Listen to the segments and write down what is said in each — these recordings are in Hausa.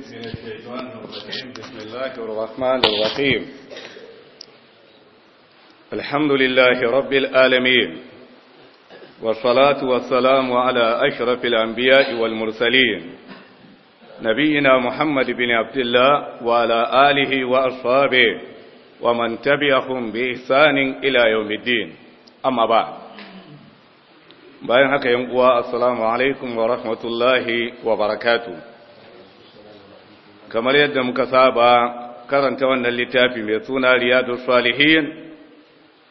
بسم الله الرحمن الرحيم الحمد لله رب العالمين والصلاة والسلام على أشرف الأنبياء والمرسلين نبينا محمد بن عبد الله وعلى آله وأصحابه ومن تبعهم بإحسان إلى يوم الدين أما بعد بينك haka السلام عليكم ورحمة الله وبركاته kamar yadda muka saba karanta wannan littafi mai suna riyadu salihin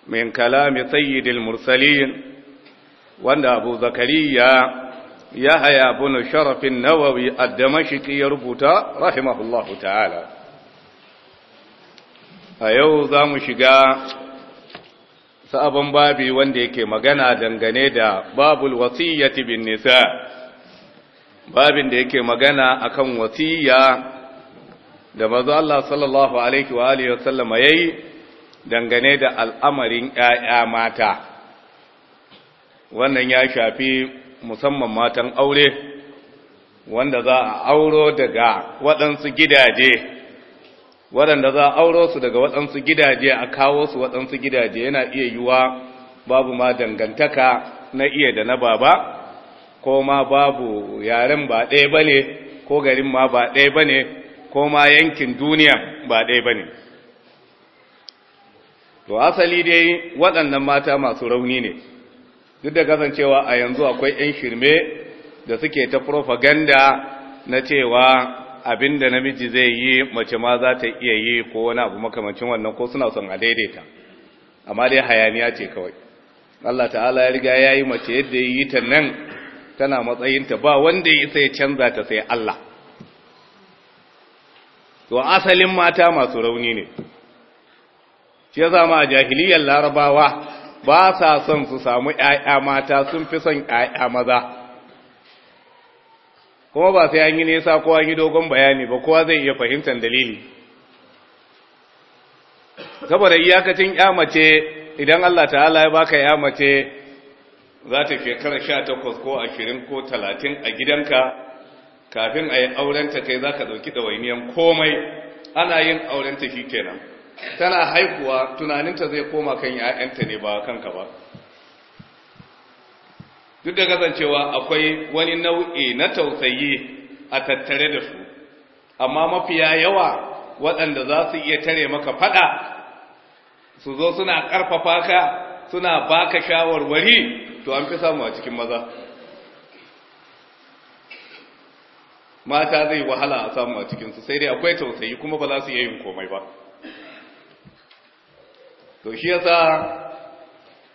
min kalami sayyidil mursalin wanda abu zakariya ya haya bunu sharafin nawawi ad-damashqi ya rubuta rahimahullahu ta'ala a yau za mu shiga sabon babi wanda yake magana dangane da babul wasiyyati bin nisa babin da yake magana akan wasiyya da mazu Allah sallallahu alaihi wa alihi wasallama yayi dangane da al'amarin 'ya'ya mata wannan ya shafi musamman matan aure wanda za a auro daga waɗansu gidaje waɗanda za a auro su daga waɗansu gidaje a kawo su waɗansu gidaje yana iya yiwa babu ma dangantaka na iya da na baba ko ma babu yaren ba ɗaya bane ko garin ma ba ɗaya bane ko ma yankin duniya ba ɗaya ba ne to asali dai waɗannan mata masu rauni ne duk da kasancewa a yanzu akwai 'yan shirme da suke ta propaganda na cewa abin da namiji zai yi mace ma za ta iya yi ko wani abu makamancin wannan ko suna son a daidaita amma dai hayaniya ce kawai Allah ta'ala ya riga ya yi mace yadda ya yi ta nan tana matsayinta ba wanda ya sai ya canza ta sai Allah to asalin mata masu rauni ne shi yasa ma jahiliyar larabawa ba sa son su samu ƴaƴa mata sun fi son ƴaƴa maza kuma ba sai an yi nesa ko an yi dogon bayani ba kowa zai iya fahimtar dalili saboda iyakacin ya mace idan Allah ta'ala ya baka ya mace za ta shekara 18 ko 20 ko 30 a gidanka kafin a yi aurenta kai za ka ɗauki ɗawainiyan komai ana yin aurenta shi kenan tana haihuwa tunaninta zai koma kan ‘ya'yanta ne ba kanka ba duk da kasancewa akwai wani nau'i na tausayi a tattare da su amma mafiya yawa waɗanda za su iya tare maka faɗa su zo suna ƙarfafa ka suna baka shawarwari to an fi samu a cikin maza mata zai wahala a samu a cikinsu sai dai akwai tausayi kuma ba za su iya yin komai ba to shi yasa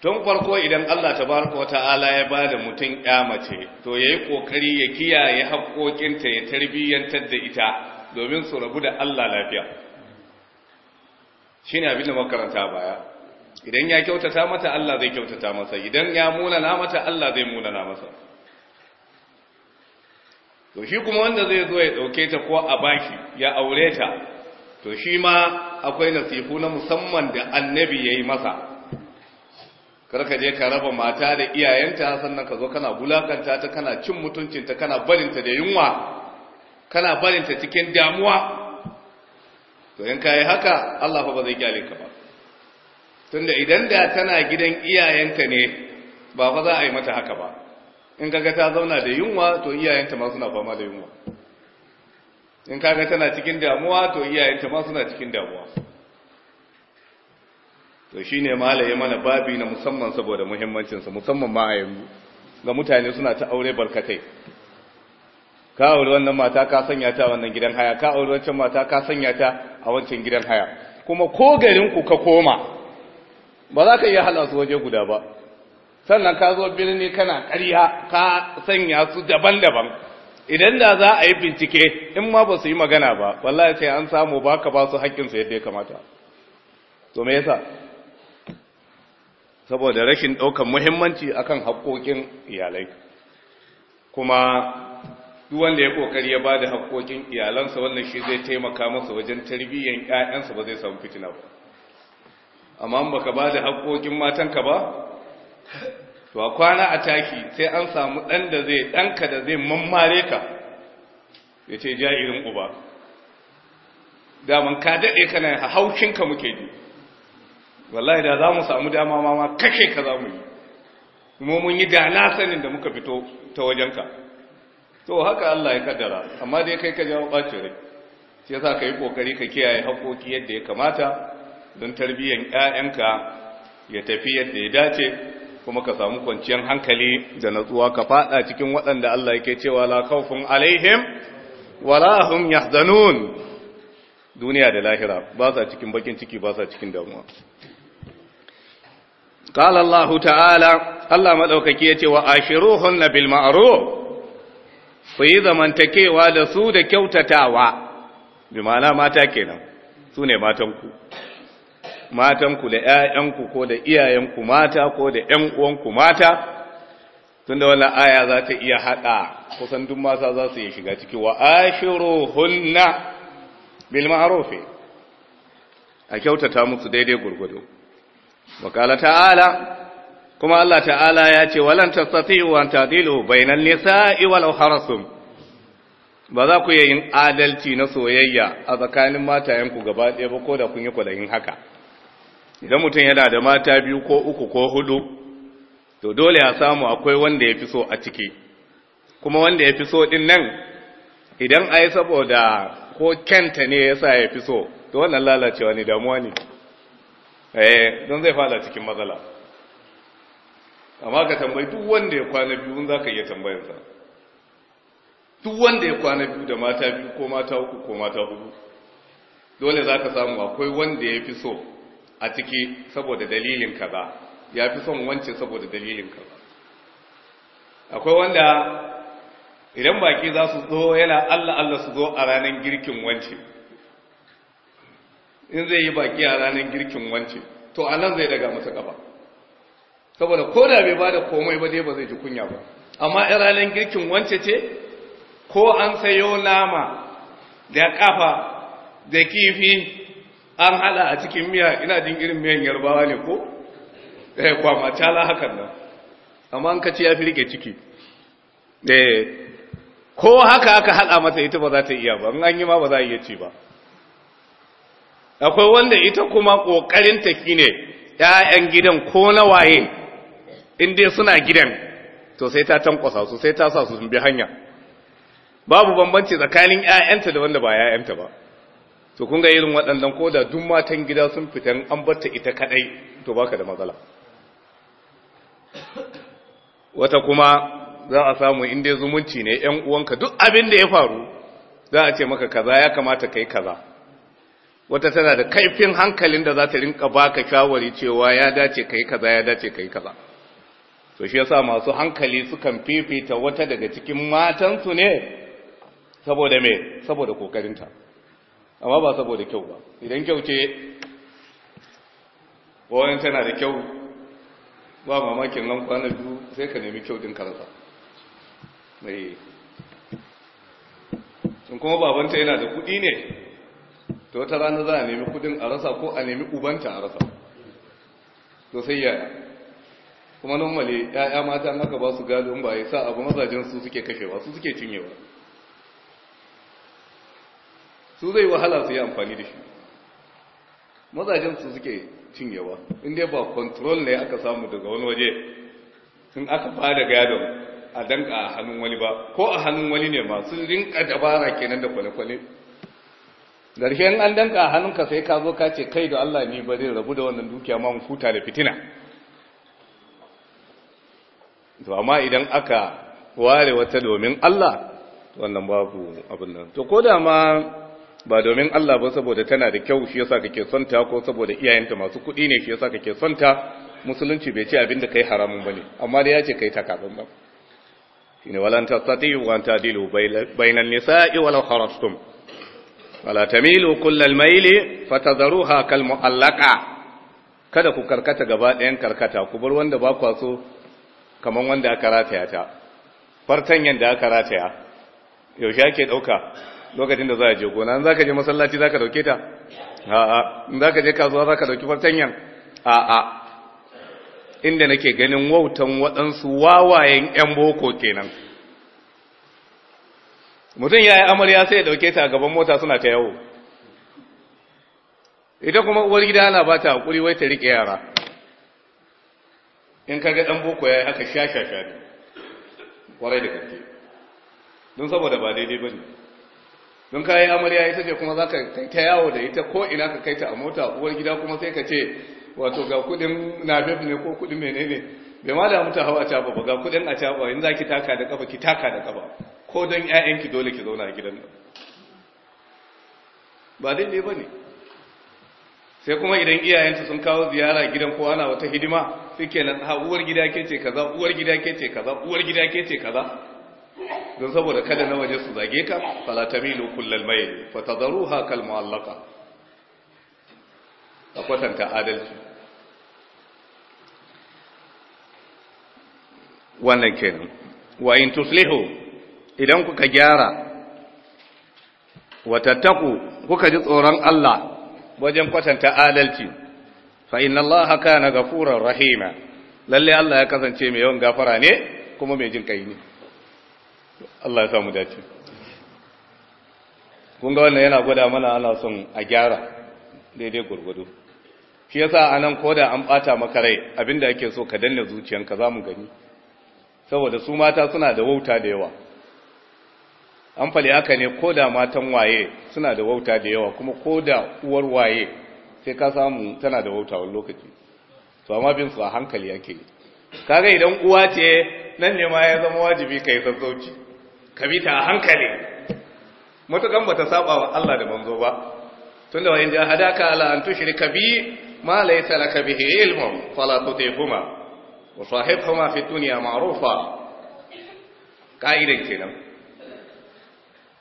tun farko idan Allah Ta tabaraka Ta'ala ya ba da mutum ya mace to ya yi ƙoƙari ya kiyaye haƙoƙinta ya tarbiyyantar da ita domin su rabu da Allah lafiya shi ne abin da makaranta baya idan ya kyautata mata Allah zai kyautata masa idan ya munana mata Allah zai munana masa to shi kuma wanda zai zo ya dauke ta ko a bashi ya aure ta to shi ma akwai nasihu na musamman da annabi ya yi masa karka je ka raba mata da iyayenta sannan ka zo kana bulakanta ta kana cin mutuncinta kana barinta da yunwa kana barinta cikin damuwa to in kai haka Allah fa ba zai kyale ka ba tunda idan da tana gidan iyayenta ne ba fa za a yi mata haka ba in kaga ta zauna da yunwa to iyayenta ma suna fama da yunwa in kaga tana cikin damuwa to iyayenta ma suna cikin damuwa to shine malaye mana babi na musamman saboda muhimmancinsa musamman ma a yanzu ga mutane suna ta aure barkatai ka aure wannan mata ka sanya ta wannan gidan haya ka aure wancan mata ka sanya ta a wancan gidan haya kuma ko garin ku ka koma ba za ka iya halasu waje guda ba sannan ka zo birni kana ƙarya ka sanya su daban-daban idan da za a yi bincike in ma ba su yi magana ba wallahi sai an samu ba ka ba su haƙƙinsu yadda ya kamata to me yasa saboda rashin ɗaukar muhimmanci akan haƙƙoƙin iyalai kuma duk wanda ya ƙoƙari ya ba da haƙƙoƙin iyalansa wannan shi zai taimaka masa wajen tarbiyyar ƴaƴansa ba zai samu fitina ba amma in baka ba da haƙƙoƙin matanka ba to a kwana a taki sai an samu ɗan da zai ɗanka da zai mammare ka ya ce irin uba daman ka daɗe kana haushinka muke ji wallahi da za mu samu dama mama kashe ka za mu yi kuma mun yi da na sanin da muka fito ta wajen ka. to haka Allah ya kaddara amma dai kai ka jawo ɓacin rai shi yasa ka yi ƙoƙari ka kiyaye haƙoƙi yadda ya kamata don tarbiyyar 'ya'yanka ya tafi yadda ya dace kuma ka samu kwanciyar hankali da natsuwa ka fada cikin waɗanda Allah yake cewa la khawfun alaihim wala hum yahzanun duniya da lahira ba sa cikin bakin ciki ba sa cikin damuwa allah الله yace wa ashiruhun bil ma'ruf fa yi zaman takewa da su da kyautatawa bi ma'ana mata kenan su ne matanku matanku da ‘ya'yanku ko da iyayenku mata ko da ‘yan uwanku mata, tun da wannan aya za ta iya haɗa kusan duk mata za su iya shiga ciki wa ashiru hunna bil ma'arufi a kyautata musu daidai gurgudu. Makala ta'ala, kuma Allah ta'ala ya ce, walan tastati'u an tadilu bainan nisa'i walau harasum. ba za ku yin adalci na soyayya a tsakanin matayenku gaba ɗaya ba ko da kun yi kwadayin haka idan mutum yana da mata biyu ko uku ko hudu to dole ya samu akwai wanda ya fi so a ciki kuma wanda ya fi so din nan idan yi saboda ko kenta ne ya sa ya fi so to wannan lalacewa ne damuwa ne eh don zai fada cikin matsala amma ka tambayi duk wanda ya kwana biyu za ka iya tambayarsa duk wanda ya kwana biyu da mata biyu ko mata uku ko mata hudu dole za ka samu akwai wanda ya fi so a ciki saboda dalilin kaza ya fi son wance saboda dalilin kaza akwai wanda idan baki za su zo yana Allah Allah su zo a ranar girkin wance in zai yi baki a ranar girkin wance to a nan zai daga masa gaba saboda ko da bai ba da komai ba dai ba zai ji kunya ba amma in ranar girkin wance ce ko an sayo nama da kafa da kifi an hada a cikin miya ina jin irin miyan yarbawa ne ko eh kwama tala hakan nan amma an kace ya firge ciki eh ko haka aka hada mata ita ba za ta iya ba in an yi ma ba za a iya ci ba akwai wanda ita kuma kokarin ta kine ƴaƴan gidan ko na waye in suna gidan to sai ta tankwasa su sai ta sa su sun bi hanya babu bambanci tsakanin ƴaƴanta da wanda ba ƴaƴanta ba to kun ga irin waɗannan ko da duk matan gida sun fitan an batta ita kadai to baka da matsala wata kuma za a samu inda ya zumunci ne ‘yan uwanka duk abin da ya faru za a ce maka kaza ya kamata kai kaza wata tana da kaifin hankalin da za ta rinka baka shawari cewa ya dace kai kaza ya dace kai kaza to shi yasa masu hankali sukan fifita wata daga cikin matansu ne saboda me saboda kokarinta amma ba saboda kyau ba idan kyau ce wayan tana da kyau ba mamakin nan kwana biyu sai ka nemi kyau din karsa mai sun kuma babanta yana da kudi ne ta wata rana za a nemi kudin a rasa ko a nemi ubanta a rasa to sai ya kuma male ya'ya mata maka ba su gado ba ya sa abu mazajen su suke kashewa su suke cinyewa su zai wahala su yi amfani da shi mazajen su suke cinyewa inda ba control ne aka samu daga wani waje sun aka ba da gadon a danka a hannun wani ba ko a hannun wani ne ma sun rinka dabara kenan da kwale-kwale garshen an danka a hannunka sai ka zo ka ce kai da Allah ni ba zai rabu da wannan dukiya ma mu futa da fitina to amma idan aka ware wata domin Allah wannan babu abin nan to ko da ma ba domin Allah ba saboda tana da kyau shi yasa kake son ta ko saboda iyayenta masu kuɗi ne shi yasa kake son ta musulunci bai ce abinda kai haramun bane amma da ya ce kai takabun ba shine walan wa anta tadilu bainan nisa'i law kharastum wala tamilu kullal maili fatadharuha kal mu'allaqa kada ku karkata gaba ɗayan karkata ku bar wanda ba ku so kaman wanda aka rataya ta fartanyan da aka rataya yaushe ake ɗauka lokacin da za a je gona in za ka je masallaci za ka dauke ta a'a in za ka je kasuwa za ka dauki fartanyan a'a inda nake ganin wautan waɗansu wawayen 'yan boko kenan mutum ya yi amarya sai ya dauke ta gaban mota suna ta yawo ita kuma uwar gida ana ba ta haƙuri wai ta riƙe yara in kaga ɗan boko ya yi aka sha-sha-sha ne ƙwarai da kake don saboda ba daidai ba ne don ka yi amarya ita ce kuma za ka kai ta yawo da ita ko ina ka kai ta a mota uwar gida kuma sai ka ce wato ga kudin nabib ne ko kudin menene bai ma da mutu hawa ta ba ga kudin a ta ba in za ki taka da kafa ki taka da kafa ko don ƴaƴanki dole ki zauna a gidan nan ba ne ba ne sai kuma idan iyayensu sun kawo ziyara gidan ko ana wata hidima suke kenan ha uwar gida ke ce kaza uwar gida ke ce kaza uwar gida ke ce kaza don saboda kada na waje su zage ka falatamilu kullal mai fatadharuha kal mu'allaqa Ka kwatanta adalci wannan kenan wa in tuslihu idan kuka gyara wa tattaku kuka ji tsoron Allah wajen kwatanta adalci fa inna Allah kana gafurar rahima lalle Allah ya kasance mai yawan gafara ne kuma mai jin kai ne Allah ya samu dace Kunga wannan yana gwada mana ana son a gyara daidai gurgudu shi yasa anan koda an bata maka rai abinda ake so ka danna zuciyanka za mu gani saboda su mata suna da wauta da yawa an fali haka ne koda matan waye suna da wauta da yawa kuma koda uwar waye sai ka samu tana da wauta wani lokaci to amma bin su a hankali yake kaga idan uwa ce nan ne ma ya zama wajibi kai sassauci ka bi ta a hankali matukan bata saba wa Allah da manzo ba tunda wa inda hadaka ala an ka bi ma laysa laka bihi ilmun fala tutihuma wa sahibhuma fi dunya ma'rufa ka'idan kenan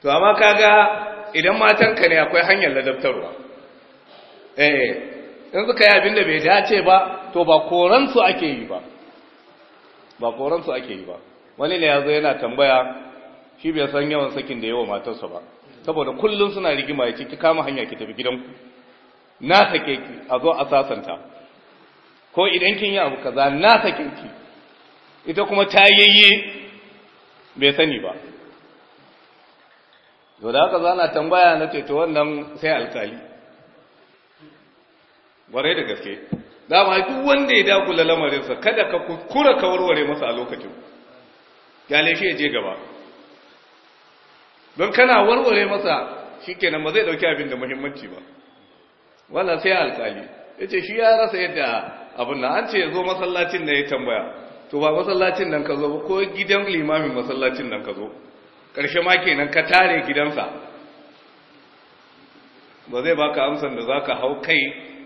to amma ga idan matanka ne akwai hanyar ladabtarwa eh in suka yi abin da bai dace ba to ba koransu ake yi ba ba koransu ake yi ba wani ne ya zo yana tambaya shi bai san yawan sakin da yawa matarsa ba saboda kullum suna rigima ya ce ki kama hanya ki tafi gidanku na sake ki a zo a sasanta ko idan kin yi abu kaza na sake ki ita kuma ta yayye bai sani ba to da haka zana tambaya na ce to wannan sai alkali ware da gaske dama duk wanda ya dagula lamarinsa kada ka kura ka warware masa a lokacin ya shi ya je gaba don kana warware masa shikenan ba zai dauki abin da muhimmanci ba wannan sai alkali ce shi ya rasa yadda abin nan an ce ya zo masallacin da ya tambaya to ba masallacin nan ka zo ba ko gidan limamin masallacin nan ka zo Ƙarshe ma kenan ka tare gidansa ba zai baka amsan da za ka hau kai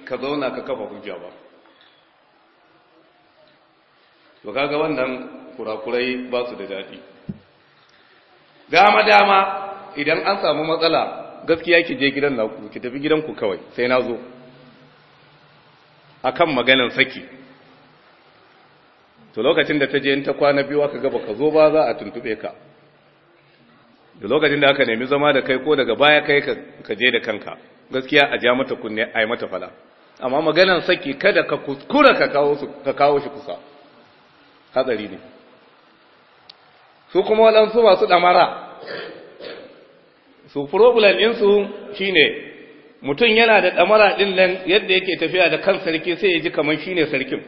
ka zauna ka kafa hujja ba to kaga wannan kurakurai ba su da daɗi dama dama idan an samu matsala gaskiya ki je gidan naku ki tafi gidan ku kawai sai na zo akan maganan saki to lokacin da ta je in ta kwana biyu aka gaba ka zo ba za a tuntube ka da lokacin da aka nemi zama da kai ko daga baya kai ka je da kanka gaskiya a ja mata kunne a yi mata fala amma maganan saki kada ka kuskura ka kawo shi kusa hatsari ne su kuma waɗansu masu ɗamara su furobulan ɗinsu shi ne mutum yana da ɗamara ɗin nan yadda yake tafiya da kan sarki sai ya ji kamar shi ne sarkin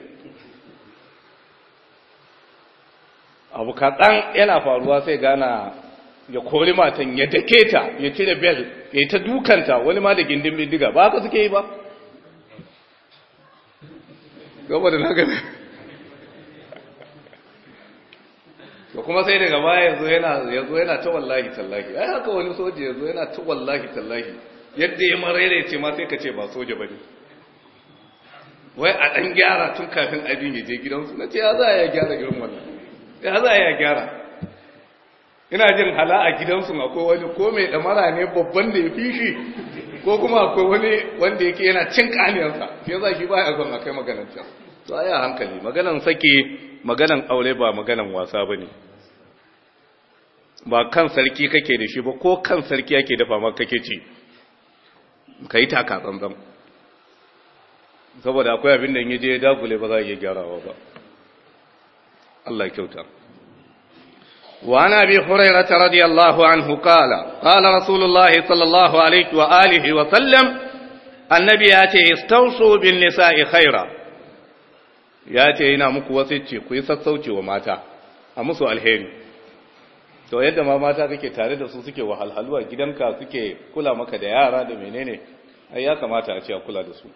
abu kaɗan yana faruwa sai gana ya kori matan ya dake ta ya cire bel ya ta dukanta wani ma da gindin bindiga ba haka suke yi ba gaba da na gani da kuma sai daga baya yanzu yana yana ta wallahi tallahi ai haka wani soja yanzu yana ta wallahi tallahi yadda ya marere ce ma sai ka ce ba soja bane wai a dan gyara tun kafin abin ya je gidansu na ce ya za ya gyara irin wannan ya za ya gyara ina jin hala a gidansu akwai wani ko mai damara ne babban da ya fi ko kuma akwai wani wanda yake yana cin kaniyarsa shi yasa shi baya son a kai maganar can to a hankali maganan sake maganan aure ba maganan wasa ba ne ba kan sarki kake da shi ba ko kan sarki yake dafa ma kake ce ka yi taka zanzan saboda akwai abin da yaje ya dagule ba za a iya gyarawa ba Allah kyauta وعن أبي هريرة رضي الله عنه قال قال رسول الله صلى الله عليه وآله وسلم النبي آتي استوصوا بالنساء خيرا ya ce yana muku wasicci ku yi sassauce wa mata a musu alheri to yadda ma mata suke tare da su suke wahalhaluwa a gidanka suke kula maka da yara da menene ai ya kamata a ce a kula da su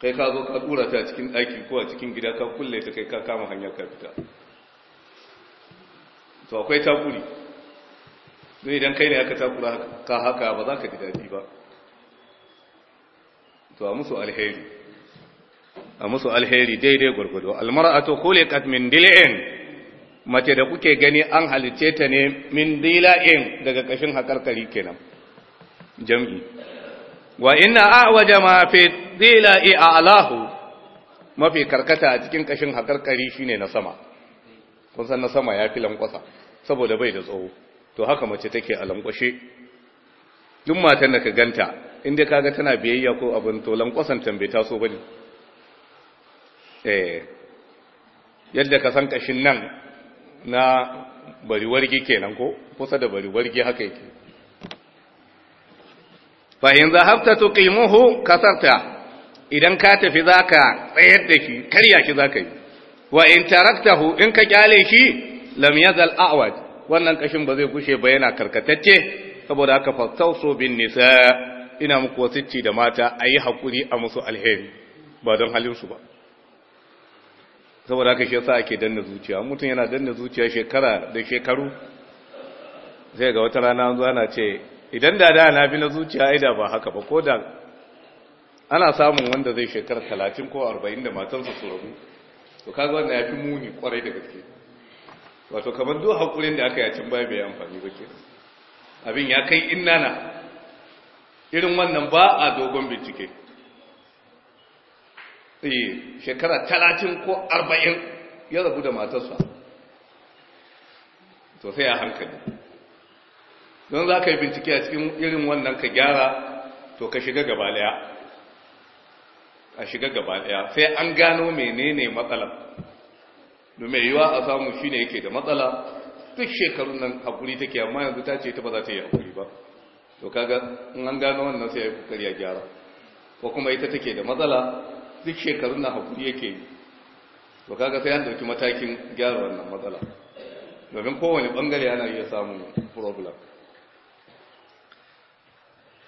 kai ka zo ka tura ta cikin ɗaki ko a cikin gida ka kulle ta kai ka kama hanyar ka fita to akwai takuri don idan kai ne aka takura ka haka ba za ka ji daɗi ba to a musu alheri a musu alheri daidai gurgudu almar'atu khuliqat min dil'in mace da kuke gani an halice ta ne min dila'in daga kashin hakarkari kenan jam'i wa inna a'waja ma fi dila'i a'lahu mafi karkata a cikin kashin hakarkari shine na sama kun san na sama yafi lankwasa saboda bai da tsawo to haka mace take a lankwashe duk matan da ka ganta inda kaga tana biyayya ko abin to lankwasan tambaye ta so bane Eh, yadda ka san kashin nan na bariwargi kenan ko kusa da bariwargi haka yake fahim zahabta tuqimuhu kasarta idan ka tafi zaka tsayar da shi karya shi zaka yi wa in taraktahu in ka kyale shi lam yazal a'wad wannan kashin ba zai gushe ba yana karkatacce saboda haka fastausu bin nisa ina muku wasicci da mata a yi hakuri a musu alheri ba don halin su ba saboda haka shi yasa ake danna zuciya mutum yana danna zuciya shekara da shekaru zai ga wata rana zuwa na ce idan da da na bi na zuciya ai da ba haka ba ko da ana samun wanda zai shekara talatin ko arba'in da matansa su rabu to kaga wannan ya fi muni kwarai da gaske wato kamar duk haƙurin da aka yacin baya bai amfani ba ke abin ya kai na irin wannan ba a dogon bincike Eh, shekara talatin ko arba'in ya rabu da matarsa to sai a hankali don za ka yi bincike a cikin irin wannan ka gyara to ka shiga gaba daya a shiga gaba daya sai an gano menene matsala domin yiwa a samu ne yake da matsala duk shekarun nan hakuri take amma yanzu ta ce ta ba za ta yi hakuri ba to kaga in an gano wannan sai ya yi kokari a gyara ko kuma ita take da matsala duk shekarun na haƙuri yake yi ba kaga sai an dauki matakin gyara wannan matsala domin kowane bangare ana iya samun problem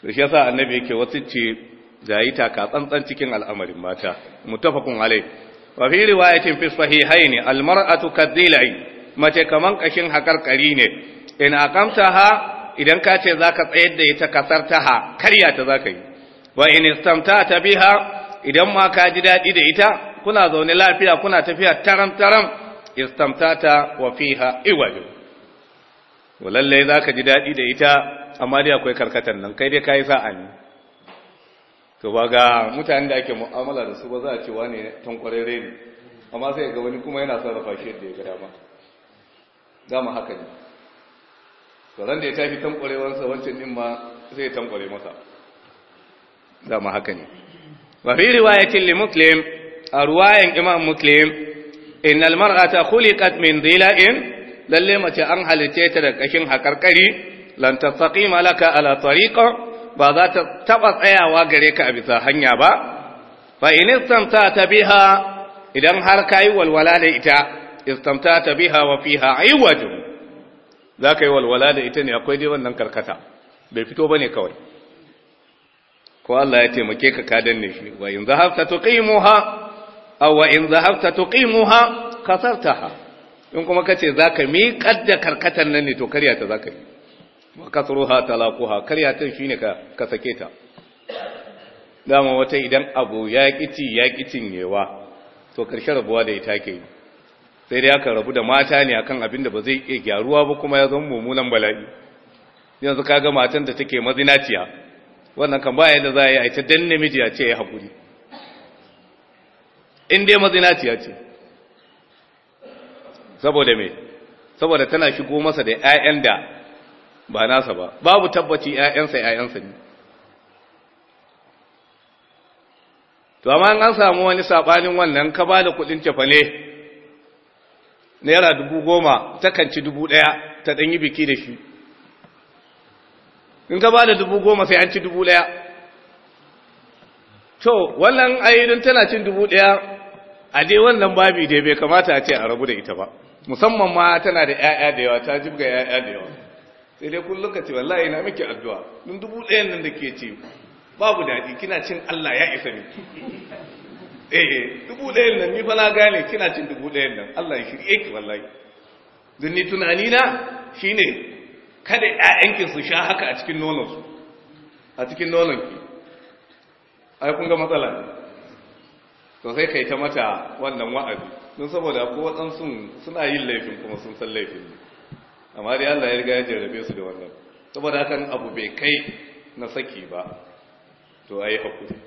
da shi yasa annabi yake wasu ce da yi taka tsantsan cikin al'amarin mata mutafakun alai wa fi riwayatin fi sahihaini almar'atu kadhilai mace kaman kashin hakarkari ne in ha idan ka ce zaka tsayar da ita ha karya ta zaka yi wa in ta biha idan ma ka ji daɗi da ita kuna zaune lafiya kuna tafiya taram taram istamtata wa fiha iwaju Walalle za ka ji daɗi da ita amma dai akwai karkatan nan kai dai ka yi sa'a ne to ba ga mutanen da ake mu'amala da su ba za a cewa ne tan kwararre ne amma sai ga wani kuma yana sarrafa shi yadda ya ga dama dama haka ne ran da ya tafi tankwarewarsa wancan ɗin ma zai tankware masa dama haka ne wa fi riwayatin muslim a ruwayan imam muslim innal mar'ata khuliqat min dhila'in lalle mace an halice ta da ƙashin hakarkari lan malaka ala tariqa ba za ta taɓa tsayawa gare ka a bisa hanya ba fa in istamta'ta biha idan har kai walwala da ita istamta'ta biha wa fiha aiwaj za ka yi walwala da ita ne akwai dai wannan karkata bai fito ne kawai ko Allah ya taimake ka ka danne shi wa in zahabta tuqimuha aw wa in zahabta tuqimuha kasartaha in kuma kace zaka miƙar da karkatan nan ne to karya ta zaka yi wa kasruha talaquha karya ta shine ka ka sake ta dama wata idan abu ya kici ya kicin yewa to karshe rabuwa da ita ke sai dai aka rabu da mata ne akan abin da ba zai iya gyaruwa ba kuma ya zama mummunan bala'i yanzu kaga matan da take mazinaciya wannan kan ba yadda za a yi a ita dan namiji ya ce ya haƙuri in dai mazinaciya ce saboda mai, saboda tana shigo masa da 'ya'yan da ba nasa ba babu tabbaci 'ya'yansa 'ya'yansa ne to amma an samu wani saɓanin wannan ka ba da kuɗin cefane naira dubu goma takan ci dubu ɗaya ta ɗanyi biki da shi in ka ba da dubu goma sai an ci dubu ɗaya to wannan ai tana cin dubu ɗaya a dai wannan babi dai bai kamata a ce a rabu da ita ba musamman ma tana da 'ya'ya da yawa ta jibga 'ya'ya da yawa sai dai kullum ka ce wallahi na miki addu'a Mun dubu ɗayan nan da ke ce babu daɗi kina cin Allah ya isa ne eh dubu ɗayan nan ni fa na gane kina cin dubu ɗayan nan Allah ya shirye ki wallahi dan ni tunani na shine kada ‘ya'yanki su sha haka a cikin nononsu a cikin nononki ai kun ga matsala ne to sai kai ta mata wannan wa'azi don saboda ko waɗansu suna yin laifin kuma sun san laifin amma dai Allah ya riga ya jarrabe su da wannan saboda hakan abu bai kai na saki ba to ai hakuri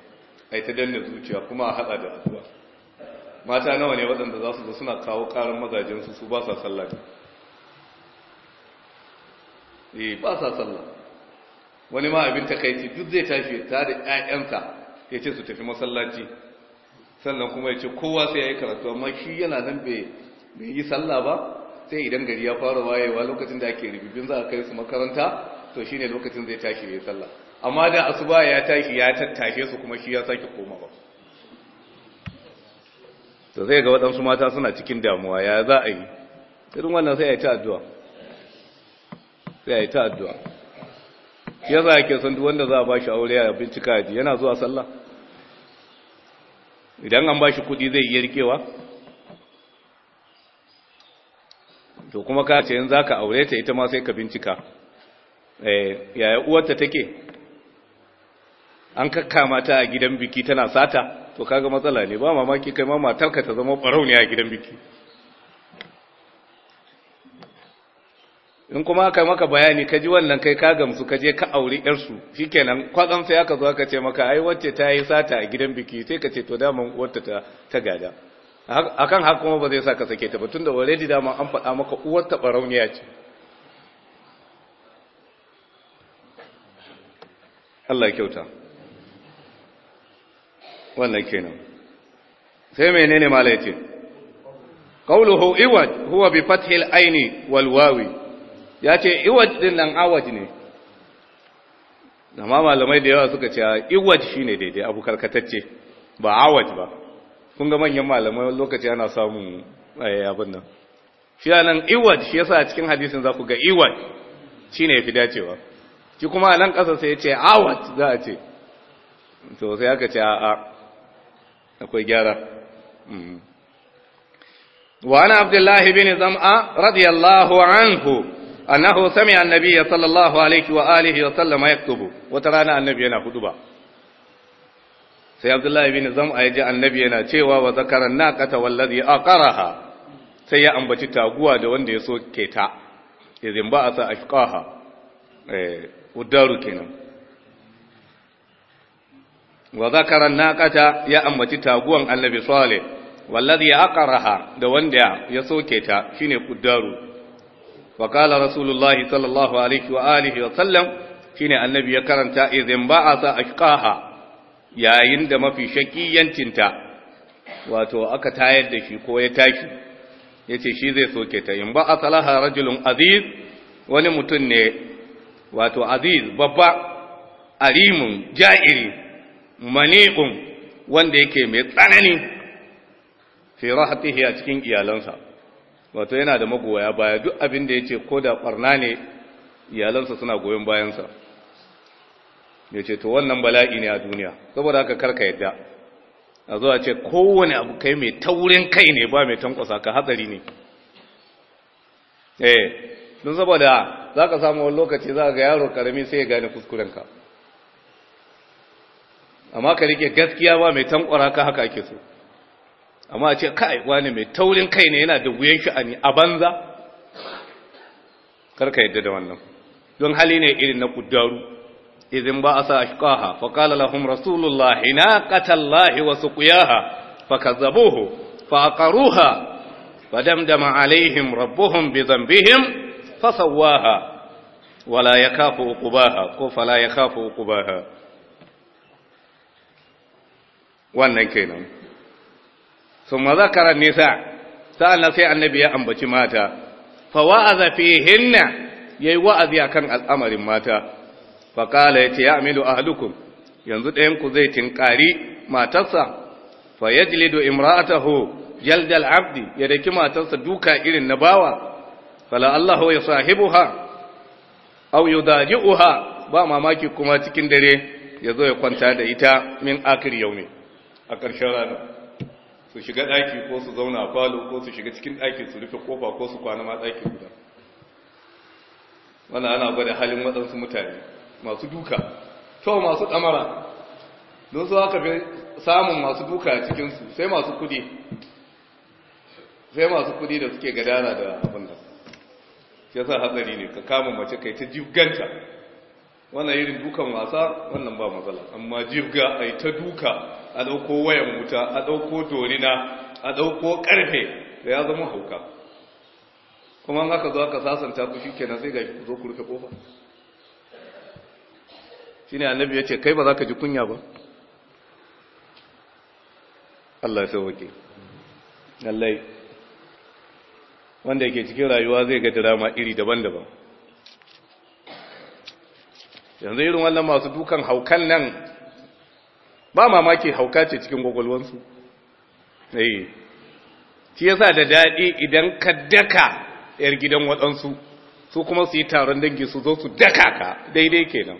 ai ta danna zuciya kuma a hada da addu'a mata nawa ne waɗanda za su zo suna kawo ƙarin mazajensu su ba sa sallah eh ba sa sallah wani ma abin takaici duk zai tashi tare da ƴaƴansa ya su tafi masallaci sannan kuma ya ce kowa sai yayi karatu amma shi yana nan bai yi sallah ba sai idan gari ya fara wayewa lokacin da ake ribibin za a kai su makaranta to shine lokacin zai tashi ya sallah amma da asuba ya tashi ya tattashe su kuma shi ya sake ba. to sai ga waɗansu mata suna cikin damuwa ya za a yi irin wannan sai ya ta addu'a sai ta addu'a ya za ke san duk wanda za a shi aure a bincika ji yana zuwa sallah idan an bashi kuɗi zai yi rikewa to kuma ka ce yanzu zaka aure ta ita ma sai ka bincika eh, yaya uwarta take an kakkama mata a gidan biki tana sata to kaga matsala ne ba mamaki kai ma matarka ta zama barauniya ne a gidan biki in kuma aka maka bayani ka ji wannan kai ka gamsu ka je ka aure yarsu shikenan kwatsam sai aka zo aka ce maka ai wacce ta yi sata a gidan biki sai ka ce to dama wacce ta ta gada akan haka kuma ba zai sa ka sake ta ba tunda already dama an faɗa maka uwar ta barauniya ce Allah kyauta wannan kenan sai menene malaitin qawluhu iwad huwa bi fathil aini wal wawi ya ce iwaj din nan awaj ne amma malamai da yawa suka ce iwaj shine daidai abu karkatacce ba awaj ba kun ga manyan malamai lokaci ana samun eh, abin nan shi nan iwaj shi yasa a cikin hadisin za ku ga iwaj ne fi dacewa shi kuma a nan ƙasa sai ya ce awaj za a ce to sai aka ce a'a akwai gyara عبد mm. الله abdullahi زمعة رضي radiyallahu anhu annahu sami'a annabiyya sallallahu alaihi wa alihi wa sallama ya yaktubu wata rana annabi yana ba. sai abdullahi bin zam'a ya ji annabi yana cewa wa zakara naqata wallazi aqaraha sai ya ambaci taguwa da wanda ya soke ta idan ba a sa ashqaha eh udaru kenan wa zakara naqata ya ambaci taguwan annabi salih wallazi aqaraha da wanda ya soke ta shine kudaru wa qala rasulullahi sallallahu alaihi wa alihi wa sallam shine annabi ya karanta idan ba'asa ashqaha yayin da mafi shakiyancinta wato aka tayar da shi ko ya tashi yace shi zai soke ta in ba asalaha rajulun aziz wani mutum ne wato aziz babba alimun ja'iri maniqun wanda yake mai tsanani fi rahatihi a cikin iyalansa wato yana da magoya baya duk abin da ya ce ko da ɓarna ne iyalansa suna goyon bayansa ya ce to wannan bala'i ne a duniya saboda haka karka yadda a zuwa ce kowane abu kai mai taurin kai ne ba mai tankwasa ka hatsari ne eh don saboda za ka samu wani lokaci za ga yaro karami sai ya gane kuskuren ka. amma ka rike gaskiya ba mai tankwara ka haka ake so amma a ce kai wani mai taurin kai ne yana da wuyan sha'ani a banza karka yadda da wannan don hali ne irin na kuddaru izin ba a sa ashqaha fa qala lahum rasulullah wasu ƙuyaha, suqiyaha fakazzabuhu fa aqaruha fa damdama alaihim rabbuhum bi zambihim fa sawwaha wala yakafu uqubaha ko fala yakafu uqubaha wannan kenan ثم ذكر النساء سأل سي النبي أن بشي ماتا فوعظ فيهن يي وعظ يا كان الأمر ماتا فقال يتيأمل أهلكم ينزد إن قزيت قاري ما تصع فيجلد إمرأته جلد العبد يريك ما تصع دوكا إلى النباوة فلا الله يصاحبها أو يضاجئها بما ما kuma تكندري يزوي قنتا zo من آخر يومي أكر min su shiga ɗaki ko su zauna a falo ko su shiga cikin ɗaki su rufe kofa ko su kwana ma ɗaki guda wannan ana gwada halin waɗansu mutane masu duka to masu ɗamara don su haka fi samun masu duka a cikinsu sai masu kudi sai masu kudi da suke gadana da abin nan ya sa hatsari ne ka kama mace kai ta jibganta wannan irin dukan wasa wannan ba matsala amma jibga ai ta duka a ɗauko wayan wuta a ɗauko dorina a ɗauko ƙarfe da ya zama hauka kuma an aka zo aka sasanta ku shi kenan sai ga zo ku rufe ƙofa shi ne annabi ya ce kai ba za ka ji kunya ba Allah ya sauwake lallai wanda yake cikin rayuwa zai ga drama iri daban-daban yanzu irin wannan masu dukan haukan nan ba mamaki hauka ce cikin gwagwalwansu eh shi yasa da daɗi idan ka daka yar gidan waɗansu su kuma su yi taron dangi su zo su daka ka daidai kenan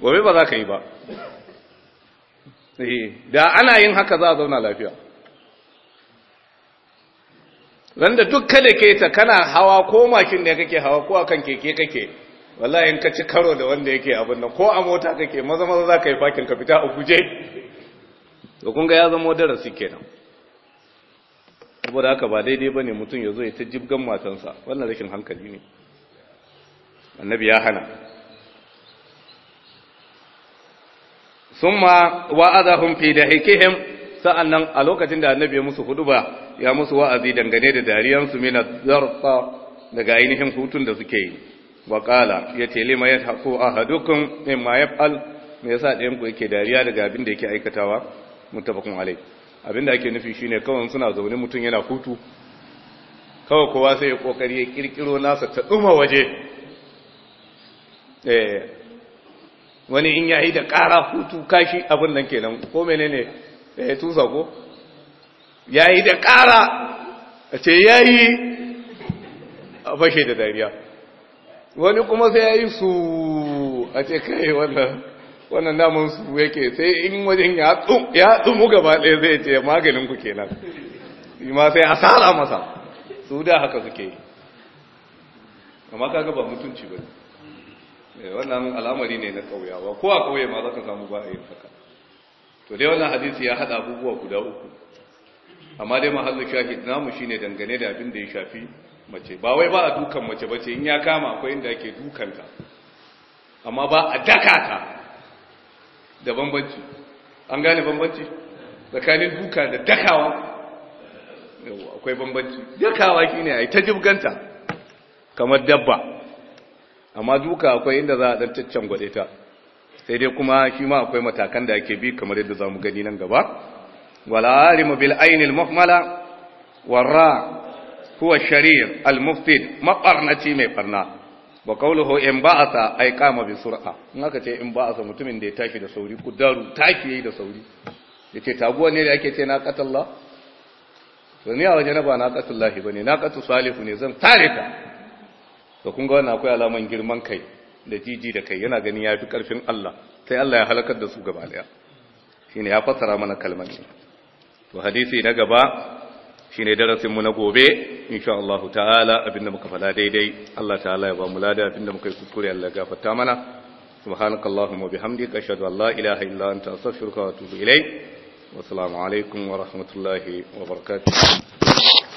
gobe ba za ka yi ba eh, da ana yin haka za a zauna lafiya randa duk kada keta kana hawa ko makin da kake hawa ko akan keke kake wallahi in ka ci karo da wanda yake abin nan ko a mota kake maza maza za ka yi fakin ka fita a guje to kun ga ya zama darasi kenan saboda haka ba daidai bane mutum ya zo ya ta jibgan matansa wannan rashin hankali ne annabi ya hana summa wa'adahum fi dahikihim nan a lokacin da annabi ya musu ba, ya musu wa'azi dangane da dariyansu mina zarfa daga ainihin hutun da suke yi waƙala ya ce lima ya haku a hadukun ma ya fal me yasa ɗayan yake dariya daga abin da yake aikatawa mutabakun alai abin da ake nufi shine kawai suna zaune mutum yana hutu kawai kowa sai ya kokari ya kirkiro nasa ta duma waje eh, wani in yayi da ƙara hutu kashi abin nan kenan ko ne ya eh, tusa ko yayi da ƙara a ce yayi a fashe da dariya wani kuma sai ya yi su a ce kai wannan namun su yake sai in wajen ya tsumu gaba ɗaya zai ce maganin ku kenan ma sai asara masa su da haka suke yi amma kaga ba mutunci ba eh, wannan al'amari ne na ƙauyawa ko a ƙauye ma za ka samu ba a yin haka to dai wannan hadisi ya haɗa abubuwa guda uku amma dai mahallin shahid namu shine dangane da abin da ya shafi mace ba wai ba a dukan mace ce in ya kama akwai inda ake dukanta amma ba a daka ta da bambanci an gane bambanci tsakanin duka da dakawa akwai bambanci dakawa ki a yi ta jibganta kamar dabba amma duka akwai inda za a ɗan taccen gwade ta sai dai kuma shi ma akwai matakan da ake bi kamar yadda za mu gani nan gaba wala alimu bil ainil muhmala warra huwa sharir al-mufsid ci mai barna wa qawluhu in ba'asa ay qama bi sur'a in aka ce in ba'asa mutumin da ya tashi da sauri kudaru taki yayi da sauri yace taguwa ne da ake ce na qatalla to ni a waje na ba na qatullahi bane na qatu salihu ne zan tare ka to kun ga wannan akwai alaman girman kai da jiji da kai yana ganin yafi karfin Allah sai Allah ya halakar da su gaba daya shine ya fassara mana kalmar to hadisi na gaba Shi darasin mu na gobe insha Allah ta'ala abinda muka fada daidai Allah ta'ala ya ba mu lada abinda muka yi kuskure Allah ya gafarta mana subhanakallahumma bihamdika ashhadu an la ilaha illa anta astaghfiruka wa atubu ilayk wa assalamu alaikum wa rahmatullahi wa barakatuh